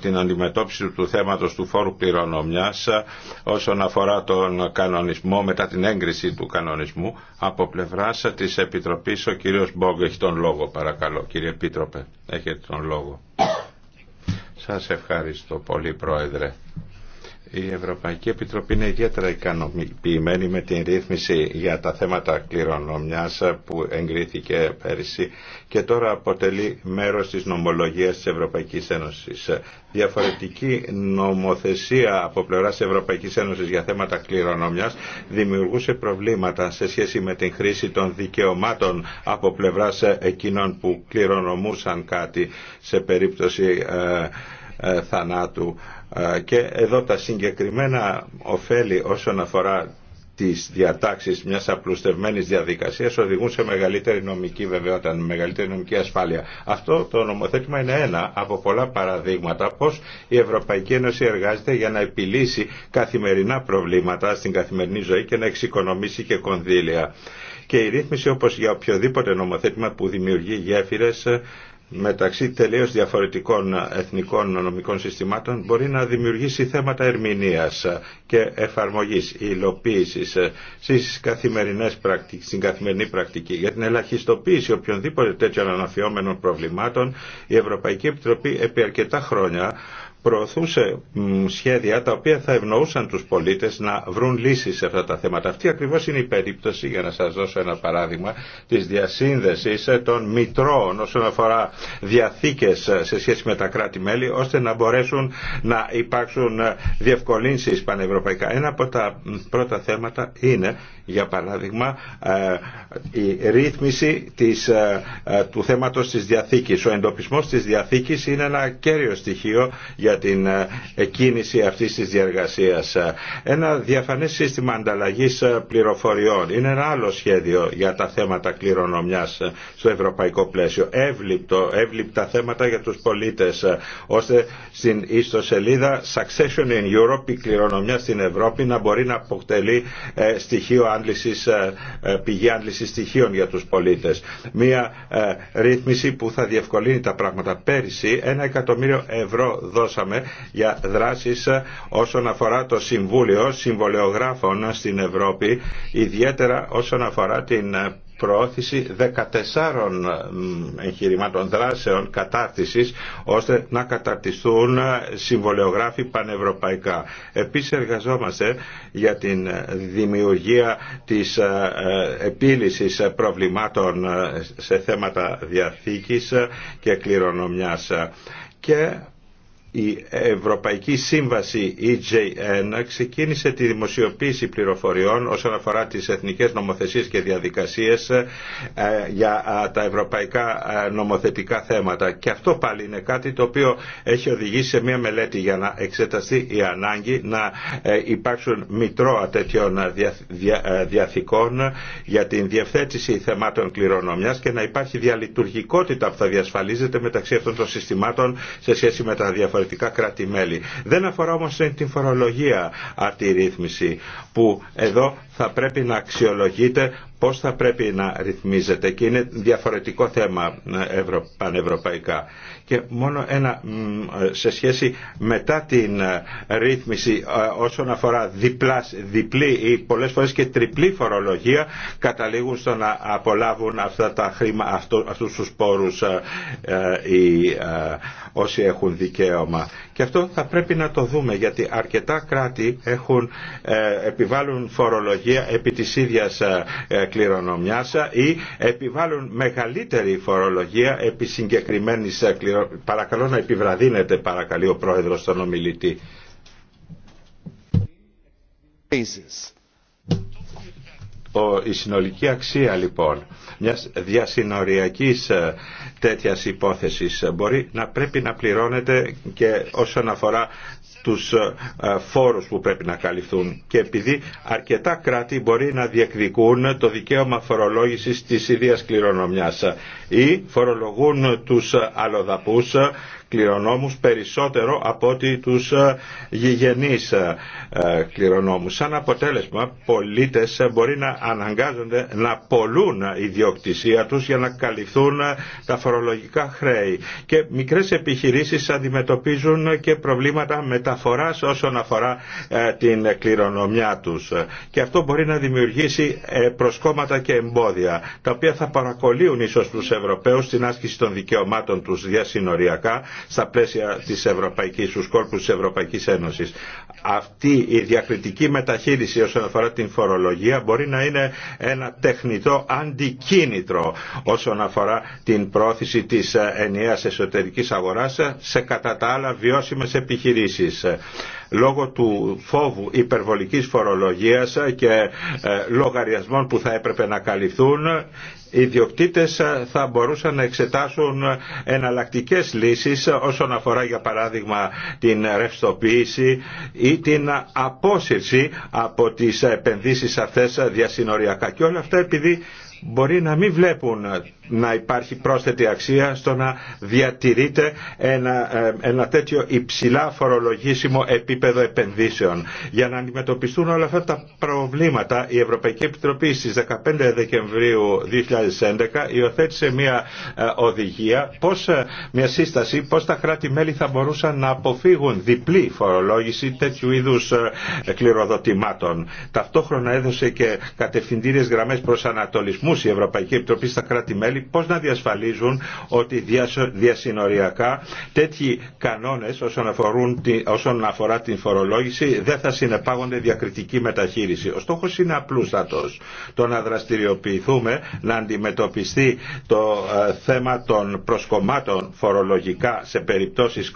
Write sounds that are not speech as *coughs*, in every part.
την αντιμετώπιση του θέματος του φόρου κληρονομιάς ε, όσον αφορά τον κανονισμό μετά την έγκριση του κανονισμού από πλευράς της Επιτροπής ο κύριος Μπόγκ έχει τον λόγο παρακαλώ κύριε Επίτροπε έχετε τον λόγο Σας ευχαριστώ πολύ Πρόεδρε η Ευρωπαϊκή Επιτροπή είναι ιδιαίτερα ικανοποιημένη με την ρύθμιση για τα θέματα κληρονομιάς που εγκρίθηκε πέρυσι και τώρα αποτελεί μέρος της νομολογίας της Ευρωπαϊκής Ένωσης. Διαφορετική νομοθεσία από πλευράς της Ευρωπαϊκής Ένωσης για θέματα κληρονομιάς δημιουργούσε προβλήματα σε σχέση με την χρήση των δικαιωμάτων από πλευράς εκείνων που κληρονομούσαν κάτι σε περίπτωση ε, ε, θανάτου και εδώ τα συγκεκριμένα ωφέλη όσον αφορά τις διατάξεις μιας απλουστευμένης διαδικασίας οδηγούν σε μεγαλύτερη νομική βεβαιότητα, μεγαλύτερη νομική ασφάλεια. Αυτό το νομοθέτημα είναι ένα από πολλά παραδείγματα πώς η Ευρωπαϊκή Ένωση εργάζεται για να επιλύσει καθημερινά προβλήματα στην καθημερινή ζωή και να εξοικονομήσει και κονδύλια. Και η ρύθμιση όπως για οποιοδήποτε νομοθέτημα που δημιουργεί γέφυρες μεταξύ τελείως διαφορετικών εθνικών νομικών συστημάτων μπορεί να δημιουργήσει θέματα ερμηνείας και εφαρμογής, υλοποίησης στις καθημερινές πρακτικές, στην καθημερινή πρακτική. Για την ελαχιστοποίηση οποιονδήποτε τέτοιων αναφιόμενων προβλημάτων η Ευρωπαϊκή Επιτροπή επί αρκετά χρόνια προωθούσε σχέδια τα οποία θα ευνοούσαν τους πολίτες να βρουν λύσεις σε αυτά τα θέματα. Αυτή ακριβώς είναι η περίπτωση, για να σας δώσω ένα παράδειγμα, της διασύνδεσης των μητρώων όσον αφορά διαθήκες σε σχέση με τα κράτη-μέλη, ώστε να μπορέσουν να υπάρξουν διευκολύνσεις πανευρωπαϊκά. Ένα από τα πρώτα θέματα είναι, για παράδειγμα, ε, η ρύθμιση της, ε, ε, του θέματος της διαθήκης. Ο εντοπισμός της διαθήκης είναι ένα κέριο στοιχείο για την ε, κίνηση αυτής της διεργασίας. Ένα διαφανές σύστημα ανταλλαγής ε, πληροφοριών είναι ένα άλλο σχέδιο για τα θέματα κληρονομιάς ε, στο ευρωπαϊκό πλαίσιο. Εύληπτο, εύληπτα θέματα για τους πολίτες, ώστε στην ιστοσελίδα Succession in Europe, η κληρονομιά στην Ευρώπη, να μπορεί να αποτελεί στοιχείο άντλησης, πηγή άντλησης στοιχείων για τους πολίτες. Μία ρύθμιση που θα διευκολύνει τα πράγματα. Πέρυσι ένα εκατομμύριο ευρώ δώσαμε για δράσεις όσον αφορά το Συμβούλιο Συμβολεογράφων στην Ευρώπη, ιδιαίτερα όσον αφορά την προώθηση 14 εγχειρημάτων δράσεων κατάρτισης ώστε να καταρτιστούν συμβολεογράφοι πανευρωπαϊκά. Επίσης εργαζόμαστε για την δημιουργία της ε, επίλυσης προβλημάτων ε, σε θέματα διαθήκης και κληρονομιάς. Και η Ευρωπαϊκή Σύμβαση EJN ξεκίνησε τη δημοσιοποίηση πληροφοριών όσον αφορά τις εθνικές νομοθεσίες και διαδικασίες ε, για τα ευρωπαϊκά ε, νομοθετικά θέματα. Και αυτό πάλι είναι κάτι το οποίο έχει οδηγήσει σε μια μελέτη για να εξεταστεί η ανάγκη να ε, υπάρξουν μητρώα τέτοιων διαθήκων για την διευθέτηση θεμάτων κληρονομιάς και να υπάρχει διαλειτουργικότητα που θα διασφαλίζεται μεταξύ αυτών των συστημάτων σε σχέση με τα διαφορετικά διαφορετικά κράτη-μέλη. Δεν αφορά όμως την φορολογία αυτή η ρύθμιση που εδώ θα πρέπει να αξιολογείται πώς θα πρέπει να ρυθμίζεται και είναι διαφορετικό θέμα ε, πανευρωπαϊκά. Και μόνο ένα σε σχέση μετά την ε, ρύθμιση ε, όσον αφορά διπλάς, διπλή ή πολλές φορές και τριπλή φορολογία καταλήγουν στο να απολάβουν αυτά τα χρήμα, αυτού, αυτούς τους πόρους οι, όσοι έχουν δικαίωμα. Και αυτό θα πρέπει να το δούμε γιατί αρκετά κράτη έχουν, επιβάλλουν φορολογία για επί της ίδιας ε, ε, κληρονομιάς ε, ή επιβάλλουν μεγαλύτερη φορολογία επί συγκεκριμένης κληρονομιάς. Παρακαλώ να επιβραδύνετε παρακαλεί ο Πρόεδρος στον ομιλητή. Ο, η συνολική αξία λοιπόν μιας διασυνοριακής τέτοιας υπόθεσης μπορεί να πρέπει να πληρώνεται και όσον αφορά τους ε, ε, φόρους που πρέπει να καλυφθούν και επειδή αρκετά κράτη μπορεί να διεκδικούν το δικαίωμα φορολόγησης της ιδίας κληρονομιάς ή φορολογούν τους αλλοδαπούς κληρονόμους περισσότερο από ότι τους ε, γηγενείς κληρονόμους. Σαν αποτέλεσμα, πολίτες μπορεί να αναγκάζονται να πολλούν ιδιοκτησία τους για να καλυφθούν τα φορολογικά χρέη. Και μικρές επιχειρήσεις αντιμετωπίζουν και προβλήματα με τα όσον αφορά ε, την κληρονομιά τους. Και αυτό μπορεί να δημιουργήσει ε, προσκόμματα και εμπόδια, τα οποία θα παρακολύουν ίσως τους Ευρωπαίους στην άσκηση των δικαιωμάτων τους διασυνοριακά στα πλαίσια της Ευρωπαϊκής, στους κόλπους της Ευρωπαϊκής Ένωσης. Αυτή η διακριτική μεταχείριση όσον αφορά την φορολογία μπορεί να είναι ένα τεχνητό αντικίνητρο όσον αφορά την πρόθεση της ε, ενιαίας εσωτερικής αγοράς σε κατά τα άλλα βιώσιμες επιχειρήσεις. Ε, λόγω του φόβου υπερβολικής φορολογίας και ε, λογαριασμών που θα έπρεπε να καλυφθούν οι ιδιοκτήτες ε, θα μπορούσαν να εξετάσουν εναλλακτικές λύσεις όσον αφορά για παράδειγμα την ρευστοποίηση ή την απόσυρση από τις επενδύσεις αυτές διασυνοριακά και όλα αυτά επειδή μπορεί να μην βλέπουν να υπάρχει πρόσθετη αξία στο να διατηρείται ένα, ε, ένα τέτοιο υψηλά φορολογήσιμο επίπεδο επενδύσεων. Για να αντιμετωπιστούν όλα αυτά τα προβλήματα, η Ευρωπαϊκή Επιτροπή στις 15 Δεκεμβρίου 2011 υιοθέτησε μια ε, οδηγία, πώς, ε, μια σύσταση, πώς τα κράτη-μέλη θα μπορούσαν να αποφύγουν διπλή φορολόγηση τέτοιου είδους κληροδοτημάτων. Ταυτόχρονα έδωσε και κατευθυντήριες γραμμές προς ανατολισμούς η Ευρωπαϊκή Επιτροπή στα κράτη-μέλη πώς να διασφαλίζουν ότι διασυνοριακά τέτοιοι κανόνες όσον, αφορούν, όσον αφορά την φορολόγηση δεν θα συνεπάγονται διακριτική μεταχείριση. Ο στόχος είναι απλούστατος. Το να δραστηριοποιηθούμε, να αντιμετωπιστεί το ε, θέμα των προσκομμάτων φορολογικά σε περιπτώσεις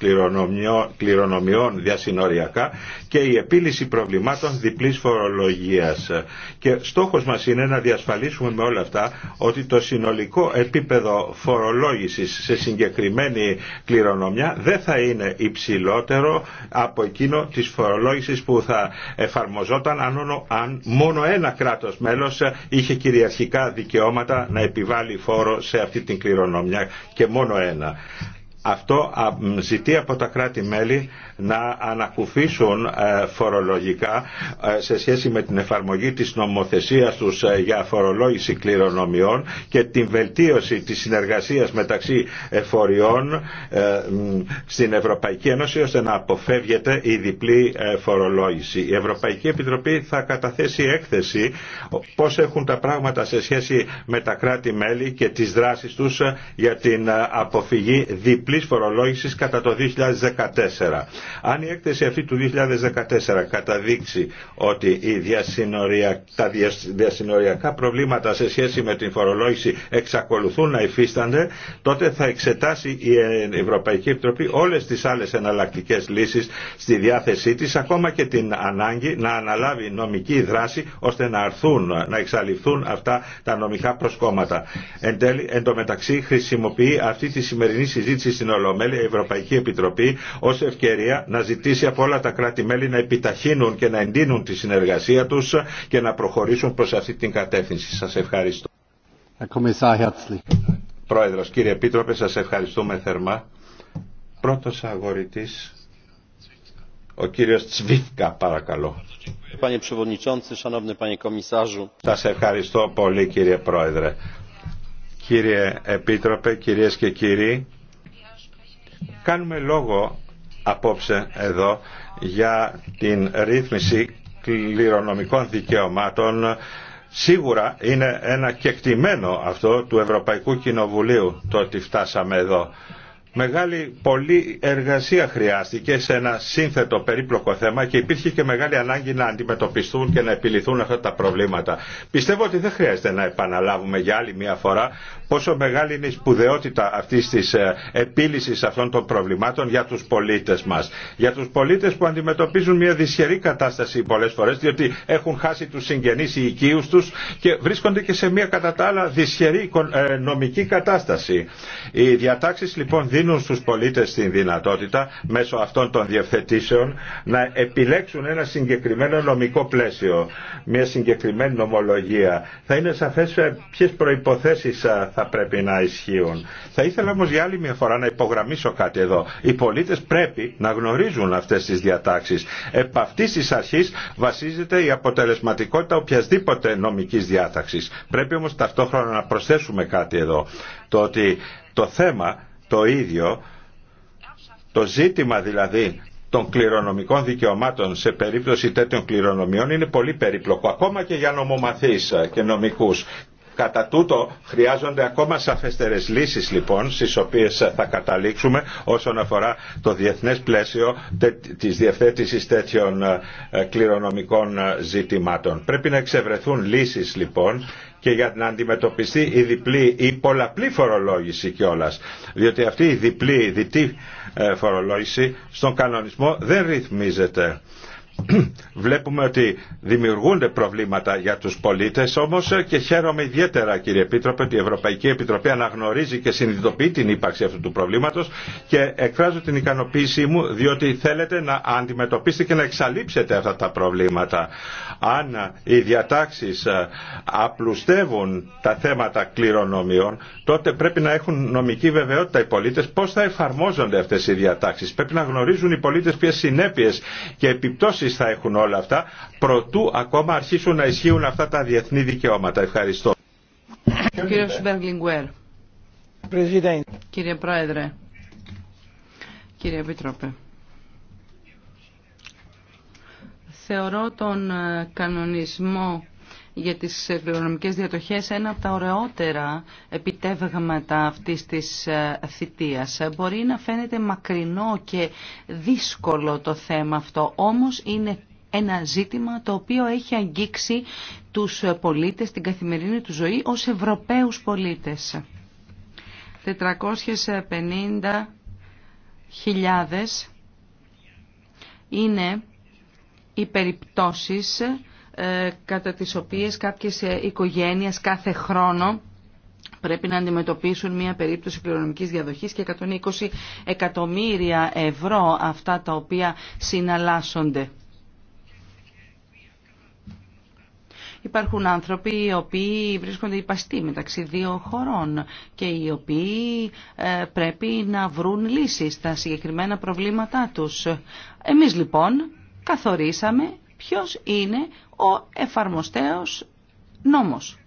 κληρονομιών διασυνοριακά και η επίλυση προβλημάτων διπλής φορολογίας. Και στόχος μας είναι να διασφαλίσουμε με όλα αυτά ότι το συνολικό το επίπεδο φορολόγησης σε συγκεκριμένη κληρονομιά δεν θα είναι υψηλότερο από εκείνο της φορολόγησης που θα εφαρμοζόταν αν μόνο ένα κράτος μέλος είχε κυριαρχικά δικαιώματα να επιβάλλει φόρο σε αυτή την κληρονομιά και μόνο ένα αυτό ζητεί από τα κράτη-μέλη να ανακουφίσουν ε, φορολογικά ε, σε σχέση με την εφαρμογή της νομοθεσίας τους ε, για φορολόγηση κληρονομιών και την βελτίωση της συνεργασίας μεταξύ εφοριών στην Ευρωπαϊκή Ένωση ώστε να αποφεύγεται η διπλή φορολόγηση. Η Ευρωπαϊκή Επιτροπή θα καταθέσει έκθεση πώς έχουν τα πράγματα σε σχέση με τα κράτη-μέλη και τις δράσεις τους για την αποφυγή διπλή διπλής φορολόγησης κατά το 2014. Αν η έκθεση αυτή του 2014 καταδείξει ότι διασυνοριακ... τα διασυνοριακά προβλήματα σε σχέση με την φορολόγηση εξακολουθούν να υφίστανται, τότε θα εξετάσει η Ευρωπαϊκή Επιτροπή όλες τις άλλες εναλλακτικές λύσεις στη διάθεσή της, ακόμα και την ανάγκη να αναλάβει νομική δράση ώστε να αρθούν, να εξαλειφθούν αυτά τα νομικά προσκόμματα. Εν τέλει, εν τω αυτή τη σημερινή συζήτηση στην Ολομέλεια η Ευρωπαϊκή Επιτροπή ω ευκαιρία να ζητήσει από όλα τα κράτη-μέλη να επιταχύνουν και να εντείνουν τη συνεργασία του και να προχωρήσουν προ αυτή την κατεύθυνση. Σα ευχαριστώ. Πρόεδρο, κύριε Επίτροπε, σα ευχαριστούμε θερμά. Πρώτο αγορητή, ο κύριος Τσβίφκα, παρακαλώ. Σα ευχαριστώ πολύ κύριε Πρόεδρε. Κύριε Επίτροπε, κυρίες και κύριοι, Κάνουμε λόγο απόψε εδώ για την ρύθμιση κληρονομικών δικαιωμάτων Σίγουρα είναι ένα κεκτημένο αυτό του Ευρωπαϊκού Κοινοβουλίου το ότι φτάσαμε εδώ. Μεγάλη πολλή εργασία χρειάστηκε σε ένα σύνθετο περίπλοκο θέμα και υπήρχε και μεγάλη ανάγκη να αντιμετωπιστούν και να επιληθούν αυτά τα προβλήματα. Πιστεύω ότι δεν χρειάζεται να επαναλάβουμε για άλλη μια φορά πόσο μεγάλη είναι η σπουδαιότητα αυτή της ε, επίλυσης αυτών των προβλημάτων για τους πολίτες μας. Για τους πολίτες που αντιμετωπίζουν μια δυσχερή κατάσταση πολλές φορές διότι έχουν χάσει τους συγγενείς ή οικείους τους και βρίσκονται και σε μια κατά τα άλλα δυσχερή ε, νομική κατάσταση. Οι διατάξεις λοιπόν δίνουν στους πολίτες την δυνατότητα μέσω αυτών των διευθετήσεων να επιλέξουν ένα συγκεκριμένο νομικό πλαίσιο, μια συγκεκριμένη νομολογία. Θα είναι σαφές ε, ποιες προϋποθέσεις ε, θα πρέπει να ισχύουν. Θα ήθελα όμως για άλλη μια φορά να υπογραμμίσω κάτι εδώ. Οι πολίτες πρέπει να γνωρίζουν αυτές τις διατάξεις. Επ' αυτής της αρχής βασίζεται η αποτελεσματικότητα οποιασδήποτε νομικής διάταξης. Πρέπει όμως ταυτόχρονα να προσθέσουμε κάτι εδώ. Το ότι το θέμα το ίδιο, το ζήτημα δηλαδή των κληρονομικών δικαιωμάτων σε περίπτωση τέτοιων κληρονομιών είναι πολύ περίπλοκο ακόμα και για νομομαθείς και νομικούς Κατά τούτο χρειάζονται ακόμα σαφέστερες λύσεις λοιπόν στις οποίες θα καταλήξουμε όσον αφορά το διεθνές πλαίσιο της διευθέτησης τέτοιων ε, κληρονομικών ε, ζητημάτων. Πρέπει να εξευρεθούν λύσεις λοιπόν και για να αντιμετωπιστεί η διπλή ή πολλαπλή φορολόγηση κιόλας. Διότι αυτή η διπλή, η διτή ε, φορολόγηση στον κανονισμό δεν ρυθμίζεται. *coughs* βλέπουμε ότι δημιουργούνται προβλήματα για τους πολίτες όμως ε, και χαίρομαι ιδιαίτερα κύριε Επίτροπε ότι η Ευρωπαϊκή Επιτροπή αναγνωρίζει και συνειδητοποιεί την ύπαρξη αυτού του προβλήματος και εκφράζω την ικανοποίησή μου διότι θέλετε να αντιμετωπίσετε και να εξαλείψετε αυτά τα προβλήματα. Αν οι διατάξεις ε, απλουστεύουν τα θέματα κληρονομιών τότε πρέπει να έχουν νομική βεβαιότητα οι πολίτες πώς θα εφαρμόζονται αυτές οι διατάξεις. Πρέπει να γνωρίζουν οι πολίτες ποιες συνέπειες και επιπτώσεις επιπτώσεις θα έχουν όλα αυτά, προτού ακόμα αρχίσουν να ισχύουν αυτά τα διεθνή δικαιώματα. Ευχαριστώ. Κύριε, Κύριε Πρόεδρε, κύριε Επίτροπε. Θεωρώ τον ε, κανονισμό για τις κληρονομικές διατοχές ένα από τα ωραιότερα επιτεύγματα αυτής της ε, θητείας. Μπορεί να φαίνεται μακρινό και δύσκολο το θέμα αυτό, όμως είναι ένα ζήτημα το οποίο έχει αγγίξει τους πολίτες την καθημερινή του ζωή ως Ευρωπαίους πολίτες. 450.000 είναι οι περιπτώσεις ε, κατά τις οποίες κάποιες ε, οικογένειες κάθε χρόνο πρέπει να αντιμετωπίσουν μια περίπτωση κληρονομικής διαδοχής και 120 εκατομμύρια ευρώ αυτά τα οποία συναλλάσσονται. Υπάρχουν άνθρωποι οι οποίοι βρίσκονται υπαστοί μεταξύ δύο χωρών και οι οποίοι ε, πρέπει να βρουν λύσεις στα συγκεκριμένα προβλήματά τους. Εμείς λοιπόν καθορίσαμε ποιος είναι ο εφαρμοστέος νόμος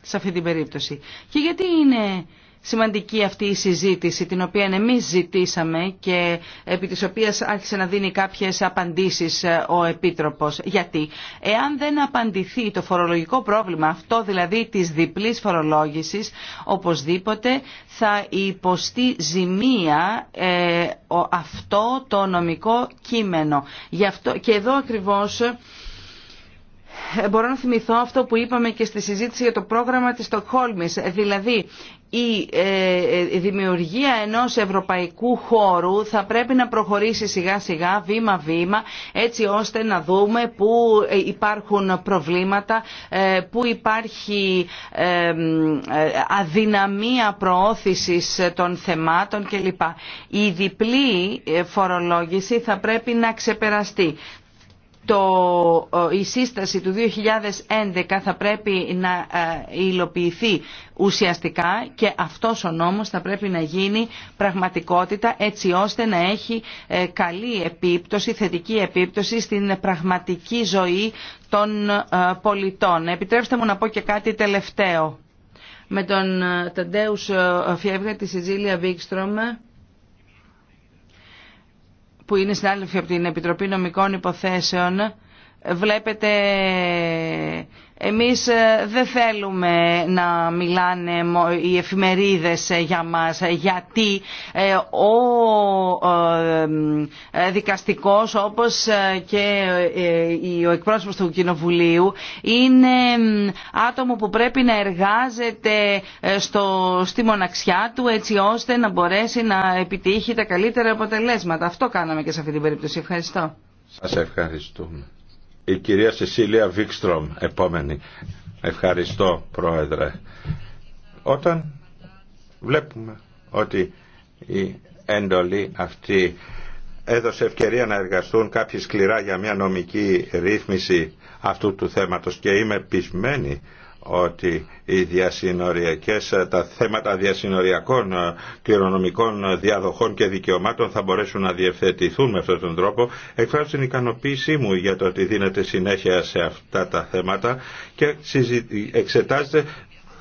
σε αυτή την περίπτωση. Και γιατί είναι σημαντική αυτή η συζήτηση την οποία εμείς ζητήσαμε και επί της οποίας άρχισε να δίνει κάποιες απαντήσεις ε, ο Επίτροπος. Γιατί εάν δεν απαντηθεί το φορολογικό πρόβλημα αυτό δηλαδή της διπλής φορολόγησης οπωσδήποτε θα υποστεί ζημία ε, αυτό το νομικό κείμενο. Γι αυτό, και εδώ ακριβώς ε, μπορώ να θυμηθώ αυτό που είπαμε και στη συζήτηση για το πρόγραμμα της Στοκχόλμης. Δηλαδή, ε, ε, η δημιουργία ενός ευρωπαϊκού χώρου θα πρέπει να προχωρήσει σιγά σιγά, βήμα βήμα, έτσι ώστε να δούμε πού ε, υπάρχουν προβλήματα, πού υπάρχει αδυναμία προώθησης των θεμάτων κλπ. Η διπλή φορολόγηση θα πρέπει να ξεπεραστεί το, η σύσταση του 2011 θα πρέπει να ε, υλοποιηθεί ουσιαστικά και αυτός ο νόμος θα πρέπει να γίνει πραγματικότητα έτσι ώστε να έχει ε, καλή επίπτωση, θετική επίπτωση στην πραγματική ζωή των ε, πολιτών. Επιτρέψτε μου να πω και κάτι τελευταίο. Με τον Ταντέους Φιέβγα, τη Σιζίλια Βίγκστρομ, που είναι συνάδελφοι από την Επιτροπή Νομικών Υποθέσεων Βλέπετε, εμείς ε, δεν θέλουμε να μιλάνε οι εφημερίδες ε, για μας, ε, γιατί ο δικαστικός όπως και ο εκπρόσωπος του Κοινοβουλίου είναι άτομο που πρέπει να εργάζεται στο, στη μοναξιά του έτσι ώστε να μπορέσει να επιτύχει τα καλύτερα αποτελέσματα. Αυτό κάναμε και σε αυτή την περίπτωση. Ευχαριστώ. Σας ευχαριστούμε. Η κυρία Σεσίλια Βίκστρομ, επόμενη. Ευχαριστώ, Πρόεδρε. Όταν βλέπουμε ότι η έντολη αυτή έδωσε ευκαιρία να εργαστούν κάποιοι σκληρά για μια νομική ρύθμιση αυτού του θέματος και είμαι πεισμένη ότι οι διασυνοριακές, τα θέματα διασυνοριακών ε, κληρονομικών ε, διαδοχών και δικαιωμάτων θα μπορέσουν να διευθετηθούν με αυτόν τον τρόπο. Εκφράζω την ικανοποίησή μου για το ότι δίνεται συνέχεια σε αυτά τα θέματα και εξετάζεται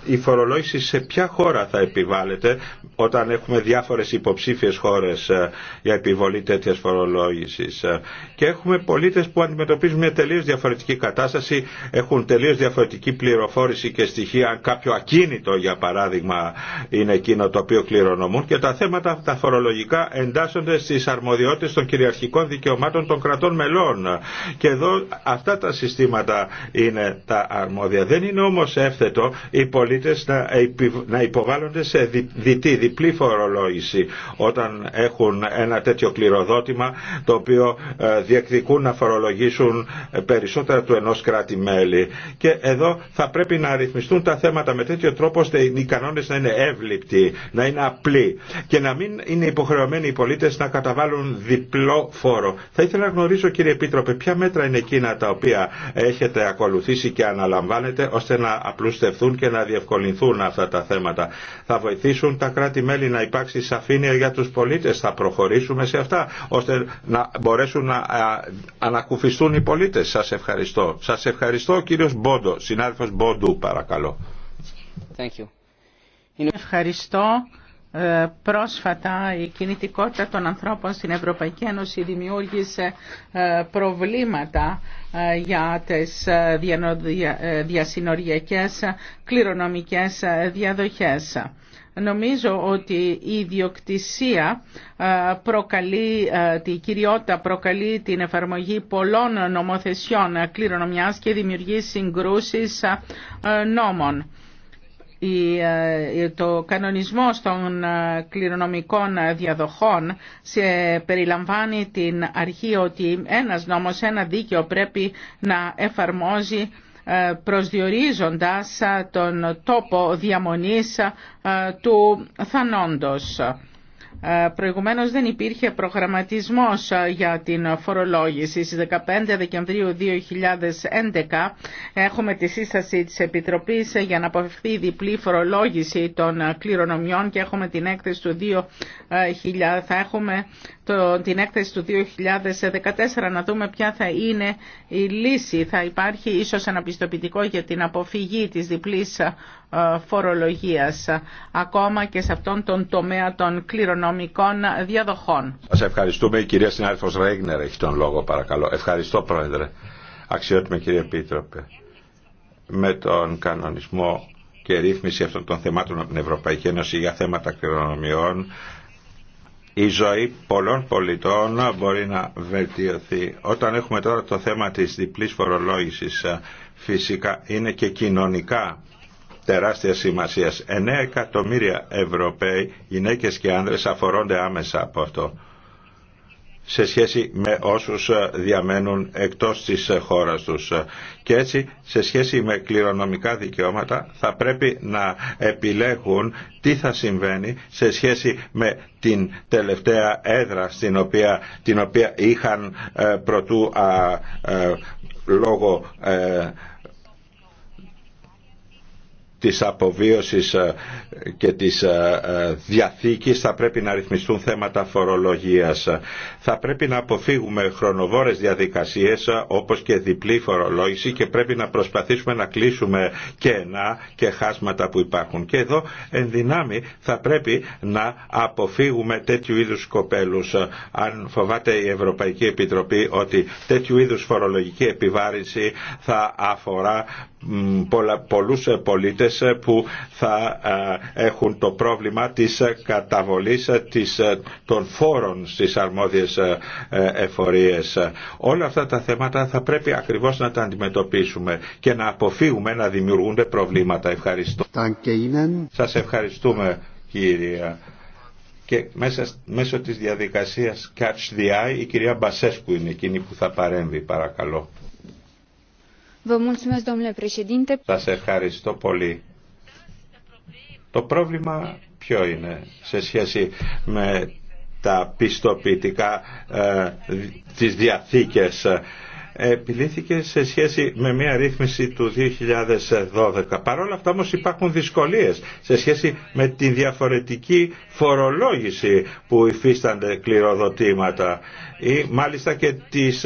η φορολόγηση σε ποια χώρα θα επιβάλλεται όταν έχουμε διάφορες υποψήφιες χώρες ε, για επιβολή τέτοιας φορολόγησης. Ε, και έχουμε πολίτες που αντιμετωπίζουν μια τελείως διαφορετική κατάσταση, έχουν τελείως διαφορετική πληροφόρηση και στοιχεία, αν κάποιο ακίνητο για παράδειγμα είναι εκείνο το οποίο κληρονομούν και τα θέματα τα φορολογικά εντάσσονται στις αρμοδιότητες των κυριαρχικών δικαιωμάτων των κρατών μελών. Και εδώ αυτά τα συστήματα είναι τα αρμόδια. Δεν είναι όμως εύθετο η πολίτες να υποβάλλονται σε διτή, διπλή φορολόγηση όταν έχουν ένα τέτοιο κληροδότημα το οποίο ε, διεκδικούν να φορολογήσουν ε, περισσότερα του ενός κράτη-μέλη. Και εδώ θα πρέπει να ρυθμιστούν τα θέματα με τέτοιο τρόπο ώστε οι κανόνες να είναι εύληπτοι, να είναι απλοί και να μην είναι υποχρεωμένοι οι πολίτες να καταβάλουν διπλό φόρο. Θα ήθελα να γνωρίζω κύριε Επίτροπε ποια μέτρα είναι εκείνα τα οποία έχετε ακολουθήσει και αναλαμβάνετε ώστε να απλουστευτούν και να διευκολυνθούν αυτά τα θέματα. Θα βοηθήσουν τα κράτη-μέλη να υπάρξει σαφήνεια για τους πολίτες. Θα προχωρήσουμε σε αυτά ώστε να μπορέσουν να ανακουφιστούν οι πολίτες. Σας ευχαριστώ. Σας ευχαριστώ κύριος Μπόντο, συνάδελφος Μπόντου παρακαλώ. Ευχαριστώ. Ε, πρόσφατα η κινητικότητα των ανθρώπων στην Ευρωπαϊκή Ένωση δημιούργησε ε, προβλήματα ε, για τις διασυνοριακές κληρονομικές διαδοχές. Νομίζω ότι η ιδιοκτησία προκαλεί, η κυριότητα προκαλεί την εφαρμογή πολλών νομοθεσιών κληρονομιάς και δημιουργεί συγκρούσεις νόμων ε, το κανονισμό των ε, κληρονομικών διαδοχών σε περιλαμβάνει την αρχή ότι ένας νόμος, ένα δίκαιο πρέπει να εφαρμόζει ε, προσδιορίζοντας τον τόπο διαμονής του θανόντος. Ε, προηγουμένως δεν υπήρχε προγραμματισμός ε, για την φορολόγηση. Στις 15 Δεκεμβρίου 2011 έχουμε τη σύσταση της Επιτροπής ε, για να αποφευθεί η διπλή φορολόγηση των κληρονομιών και έχουμε την έκθεση του 2000, θα έχουμε την έκθεση του 2014 να δούμε ποια θα είναι η λύση. Θα υπάρχει ίσως ένα πιστοποιητικό για την αποφυγή της διπλής ε, φορολογίας, ακόμα και σε αυτόν τον τομέα των κληρονομικών διαδοχών. Σας ευχαριστούμε. Η κυρία συνάδελφος Ρέγνερ έχει τον λόγο παρακαλώ. Ευχαριστώ Πρόεδρε. Αξιότιμη κύριε Επίτροπε. Με τον κανονισμό και ρύθμιση αυτών των θεμάτων από την Ευρωπαϊκή Ένωση για θέματα κληρονομιών η ζωή πολλών πολιτών μπορεί να βελτιωθεί. Όταν έχουμε τώρα το θέμα της διπλής φορολόγησης φυσικά είναι και κοινωνικά τεράστια σημασία. 9 εκατομμύρια Ευρωπαίοι, γυναίκες και άνδρες αφορώνται άμεσα από αυτό σε σχέση με όσους ε, διαμένουν εκτός της ε, χώρας τους. Και έτσι, σε σχέση με κληρονομικά δικαιώματα, θα πρέπει να επιλέγουν τι θα συμβαίνει σε σχέση με την τελευταία έδρα στην οποία, την οποία είχαν ε, προτού λόγω της αποβίωσης ε, και της ε, ε, διαθήκης θα πρέπει να ρυθμιστούν θέματα φορολογίας. Θα πρέπει να αποφύγουμε χρονοβόρες διαδικασίες όπως και διπλή φορολόγηση και πρέπει να προσπαθήσουμε να κλείσουμε κενά και χάσματα που υπάρχουν. Και εδώ εν δυνάμει θα πρέπει να αποφύγουμε τέτοιου είδους κοπέλους. Αν φοβάται η Ευρωπαϊκή Επιτροπή ότι τέτοιου είδους φορολογική επιβάρηση θα αφορά πολλούς πολίτες ε, που θα ε, έχουν το πρόβλημα της ε, καταβολής της, των φόρων στις αρμόδιες εφορίες. Όλα αυτά τα θέματα θα πρέπει ακριβώς να τα αντιμετωπίσουμε και να αποφύγουμε να δημιουργούνται προβλήματα. Ευχαριστώ. Σας ευχαριστούμε κυρία. Και μέσα, μέσω της διαδικασίας Catch the Eye η κυρία Μπασέσκου είναι εκείνη που θα παρέμβει παρακαλώ. Σα ευχαριστώ πολύ. Το πρόβλημα ποιο είναι σε σχέση με τα πιστοποιητικά ε, τις διαθήκες ε, επιλήθηκε σε σχέση με μια ρύθμιση του 2012. Παρ' όλα αυτά όμως υπάρχουν δυσκολίες σε σχέση με τη διαφορετική φορολόγηση που υφίστανται κληροδοτήματα ή μάλιστα και της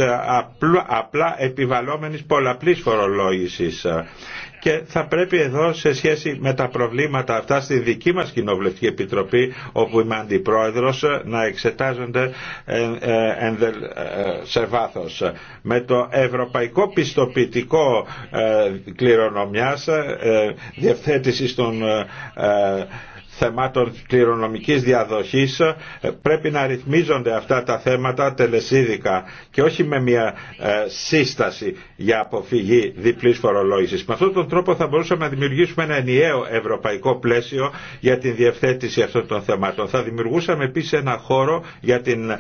απλά επιβαλόμενης πολλαπλής φορολόγησης και θα πρέπει εδώ σε σχέση με τα προβλήματα αυτά στη δική μας Κοινοβουλευτική Επιτροπή όπου είμαι αντιπρόεδρος να εξετάζονται ε, ε, ε, σε βάθος. Με το ευρωπαϊκό πιστοποιητικό κληρονομιάς διευθέτησης των θεμάτων κληρονομικής διαδοχής ε, πρέπει να ρυθμίζονται αυτά τα θέματα τελεσίδικα και όχι με μια ε, σύσταση για αποφυγή διπλής φορολόγησης. Με αυτόν τον τρόπο θα μπορούσαμε να δημιουργήσουμε ένα ενιαίο ευρωπαϊκό πλαίσιο για την διευθέτηση αυτών των θεμάτων. Θα δημιουργούσαμε επίσης ένα χώρο για την ε,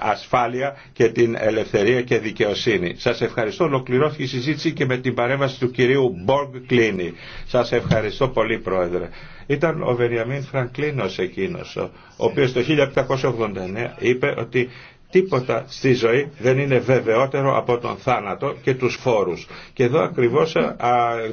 ασφάλεια και την ελευθερία και δικαιοσύνη. Σας ευχαριστώ. Ολοκληρώθηκε η συζήτηση και με την παρέμβαση του κυρίου Μποργκ Κλίνη. Σας ευχαριστώ πολύ Πρόεδρε. Ήταν ο Βεριαμίν Φρανκλίνος εκείνος, ο οποίος το 1789 είπε ότι Τίποτα στη ζωή δεν είναι βεβαιότερο από τον θάνατο και τους φόρους. Και εδώ ακριβώς ε,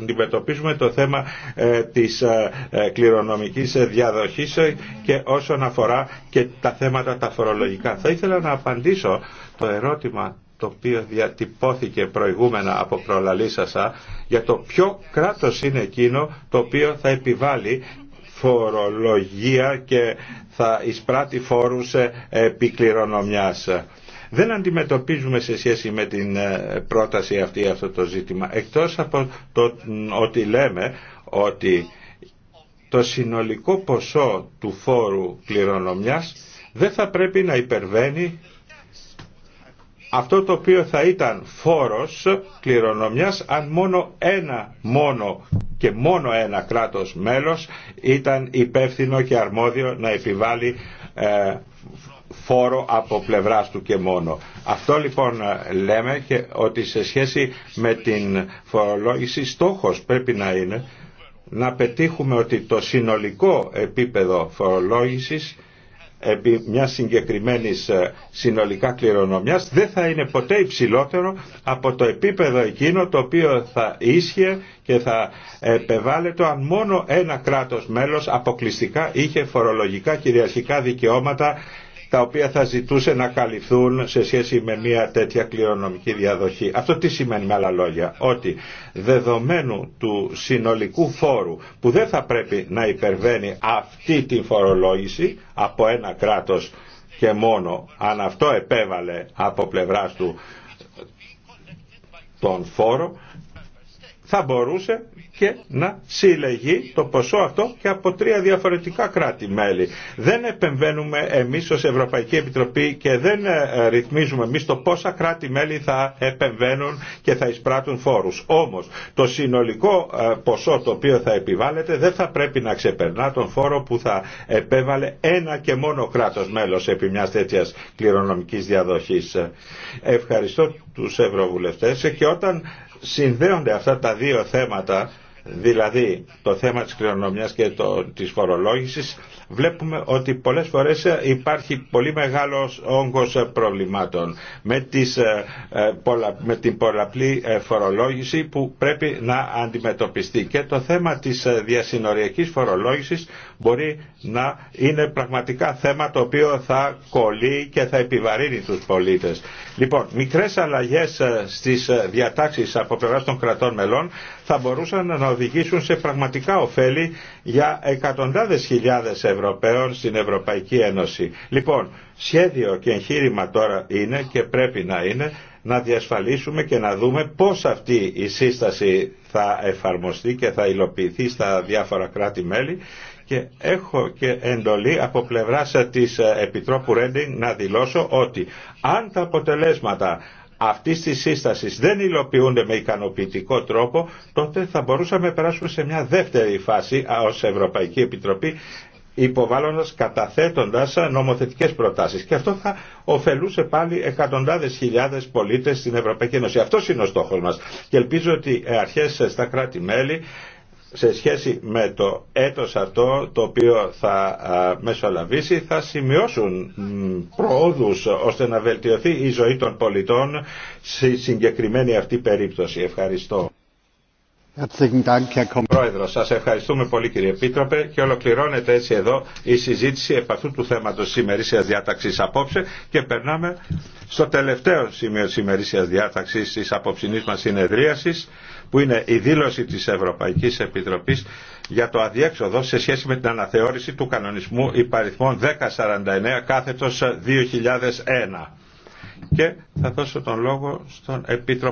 αντιμετωπίζουμε το θέμα ε, της ε, κληρονομικής διαδοχής και όσον αφορά και τα θέματα τα φορολογικά. Θα ήθελα να απαντήσω το ερώτημα το οποίο διατυπώθηκε προηγούμενα από προλαλήσασα για το ποιο κράτος είναι εκείνο το οποίο θα επιβάλλει φορολογία και θα εισπράττει φόρους επί Δεν αντιμετωπίζουμε σε σχέση με την ε, πρόταση αυτή αυτό το ζήτημα, εκτός από το ότι λέμε ότι το συνολικό ποσό του φόρου κληρονομιάς δεν θα πρέπει να υπερβαίνει αυτό το οποίο θα ήταν φόρος κληρονομιάς αν μόνο ένα μόνο και μόνο ένα κράτος μέλος ήταν υπεύθυνο και αρμόδιο να επιβάλλει ε, φόρο από πλευράς του και μόνο. Αυτό λοιπόν ε, λέμε και ότι σε σχέση με την φορολόγηση στόχος πρέπει να είναι να πετύχουμε ότι το συνολικό επίπεδο φορολόγησης επί μια συγκεκριμένης ε, συνολικά κληρονομιάς δεν θα είναι ποτέ υψηλότερο από το επίπεδο εκείνο το οποίο θα ίσχυε και θα επεβάλλεται αν μόνο ένα κράτος μέλος αποκλειστικά είχε φορολογικά κυριαρχικά δικαιώματα τα οποία θα ζητούσε να καλυφθούν σε σχέση με μια τέτοια κληρονομική διαδοχή. Αυτό τι σημαίνει με άλλα λόγια, ότι δεδομένου του συνολικού φόρου που δεν θα πρέπει να υπερβαίνει αυτή την φορολόγηση από ένα κράτος και μόνο αν αυτό επέβαλε από πλευράς του τον φόρο, θα μπορούσε και να συλλεγεί το ποσό αυτό και από τρία διαφορετικά κράτη-μέλη. Δεν επεμβαίνουμε εμείς ως Ευρωπαϊκή Επιτροπή και δεν ε, ρυθμίζουμε εμείς το πόσα κράτη-μέλη θα επεμβαίνουν και θα εισπράττουν φόρους. Όμως το συνολικό ε, ποσό το οποίο θα επιβάλλεται δεν θα πρέπει να ξεπερνά τον φόρο που θα επέβαλε ένα και μόνο κράτος μέλος επί μιας τέτοιας κληρονομικής διαδοχής. Ευχαριστώ τους Ευρωβουλευτές και όταν συνδέονται αυτά τα δύο θέματα, δηλαδή το θέμα της κληρονομιάς και το, της φορολόγησης, βλέπουμε ότι πολλές φορές ε, υπάρχει πολύ μεγάλος όγκος ε, προβλημάτων με, τις, ε, την πολλαπλή φορολόγηση που πρέπει να αντιμετωπιστεί και το θέμα της διασυνοριακής φορολόγησης μπορεί να είναι πραγματικά θέμα το οποίο θα κολλεί και θα επιβαρύνει τους πολίτες. Λοιπόν, μικρές αλλαγές στις διατάξεις από πλευρά των κρατών μελών θα μπορούσαν να οδηγήσουν σε πραγματικά ωφέλη για εκατοντάδες χιλιάδες ευρώ Ευρωπαίων στην Ευρωπαϊκή Ένωση. Λοιπόν, σχέδιο και εγχείρημα τώρα είναι και πρέπει να είναι να διασφαλίσουμε και να δούμε πώς αυτή η σύσταση θα εφαρμοστεί και θα υλοποιηθεί στα διάφορα κράτη-μέλη και έχω και εντολή από πλευρά της Επιτρόπου Ρέντινγκ να δηλώσω ότι αν τα αποτελέσματα αυτή τη σύσταση δεν υλοποιούνται με ικανοποιητικό τρόπο, τότε θα μπορούσαμε να περάσουμε σε μια δεύτερη φάση ω Ευρωπαϊκή Επιτροπή υποβάλλοντας, καταθέτοντας νομοθετικές προτάσεις. Και αυτό θα ωφελούσε πάλι εκατοντάδες χιλιάδες πολίτες στην Ευρωπαϊκή Ένωση. Αυτός είναι ο στόχος μας. Και ελπίζω ότι ε, αρχές στα κράτη-μέλη σε σχέση με το έτος αυτό το οποίο θα μεσολαβήσει θα σημειώσουν προόδους ώστε να βελτιωθεί η ζωή των πολιτών στη συγκεκριμένη αυτή περίπτωση. Ευχαριστώ. Πρόεδρο, σας ευχαριστούμε πολύ κύριε Επίτροπε και ολοκληρώνεται έτσι εδώ η συζήτηση επ' αυτού του θέματος της ημερήσιας διάταξης απόψε και περνάμε στο τελευταίο σημείο της ημερήσιας διάταξης της απόψινής μας συνεδρίασης που είναι η δήλωση της Ευρωπαϊκής Επιτροπής για το αδιέξοδο σε σχέση με την αναθεώρηση του κανονισμού υπαριθμών 1049 κάθετος 2001. Και θα δώσω τον λόγο στον Επίτροπο.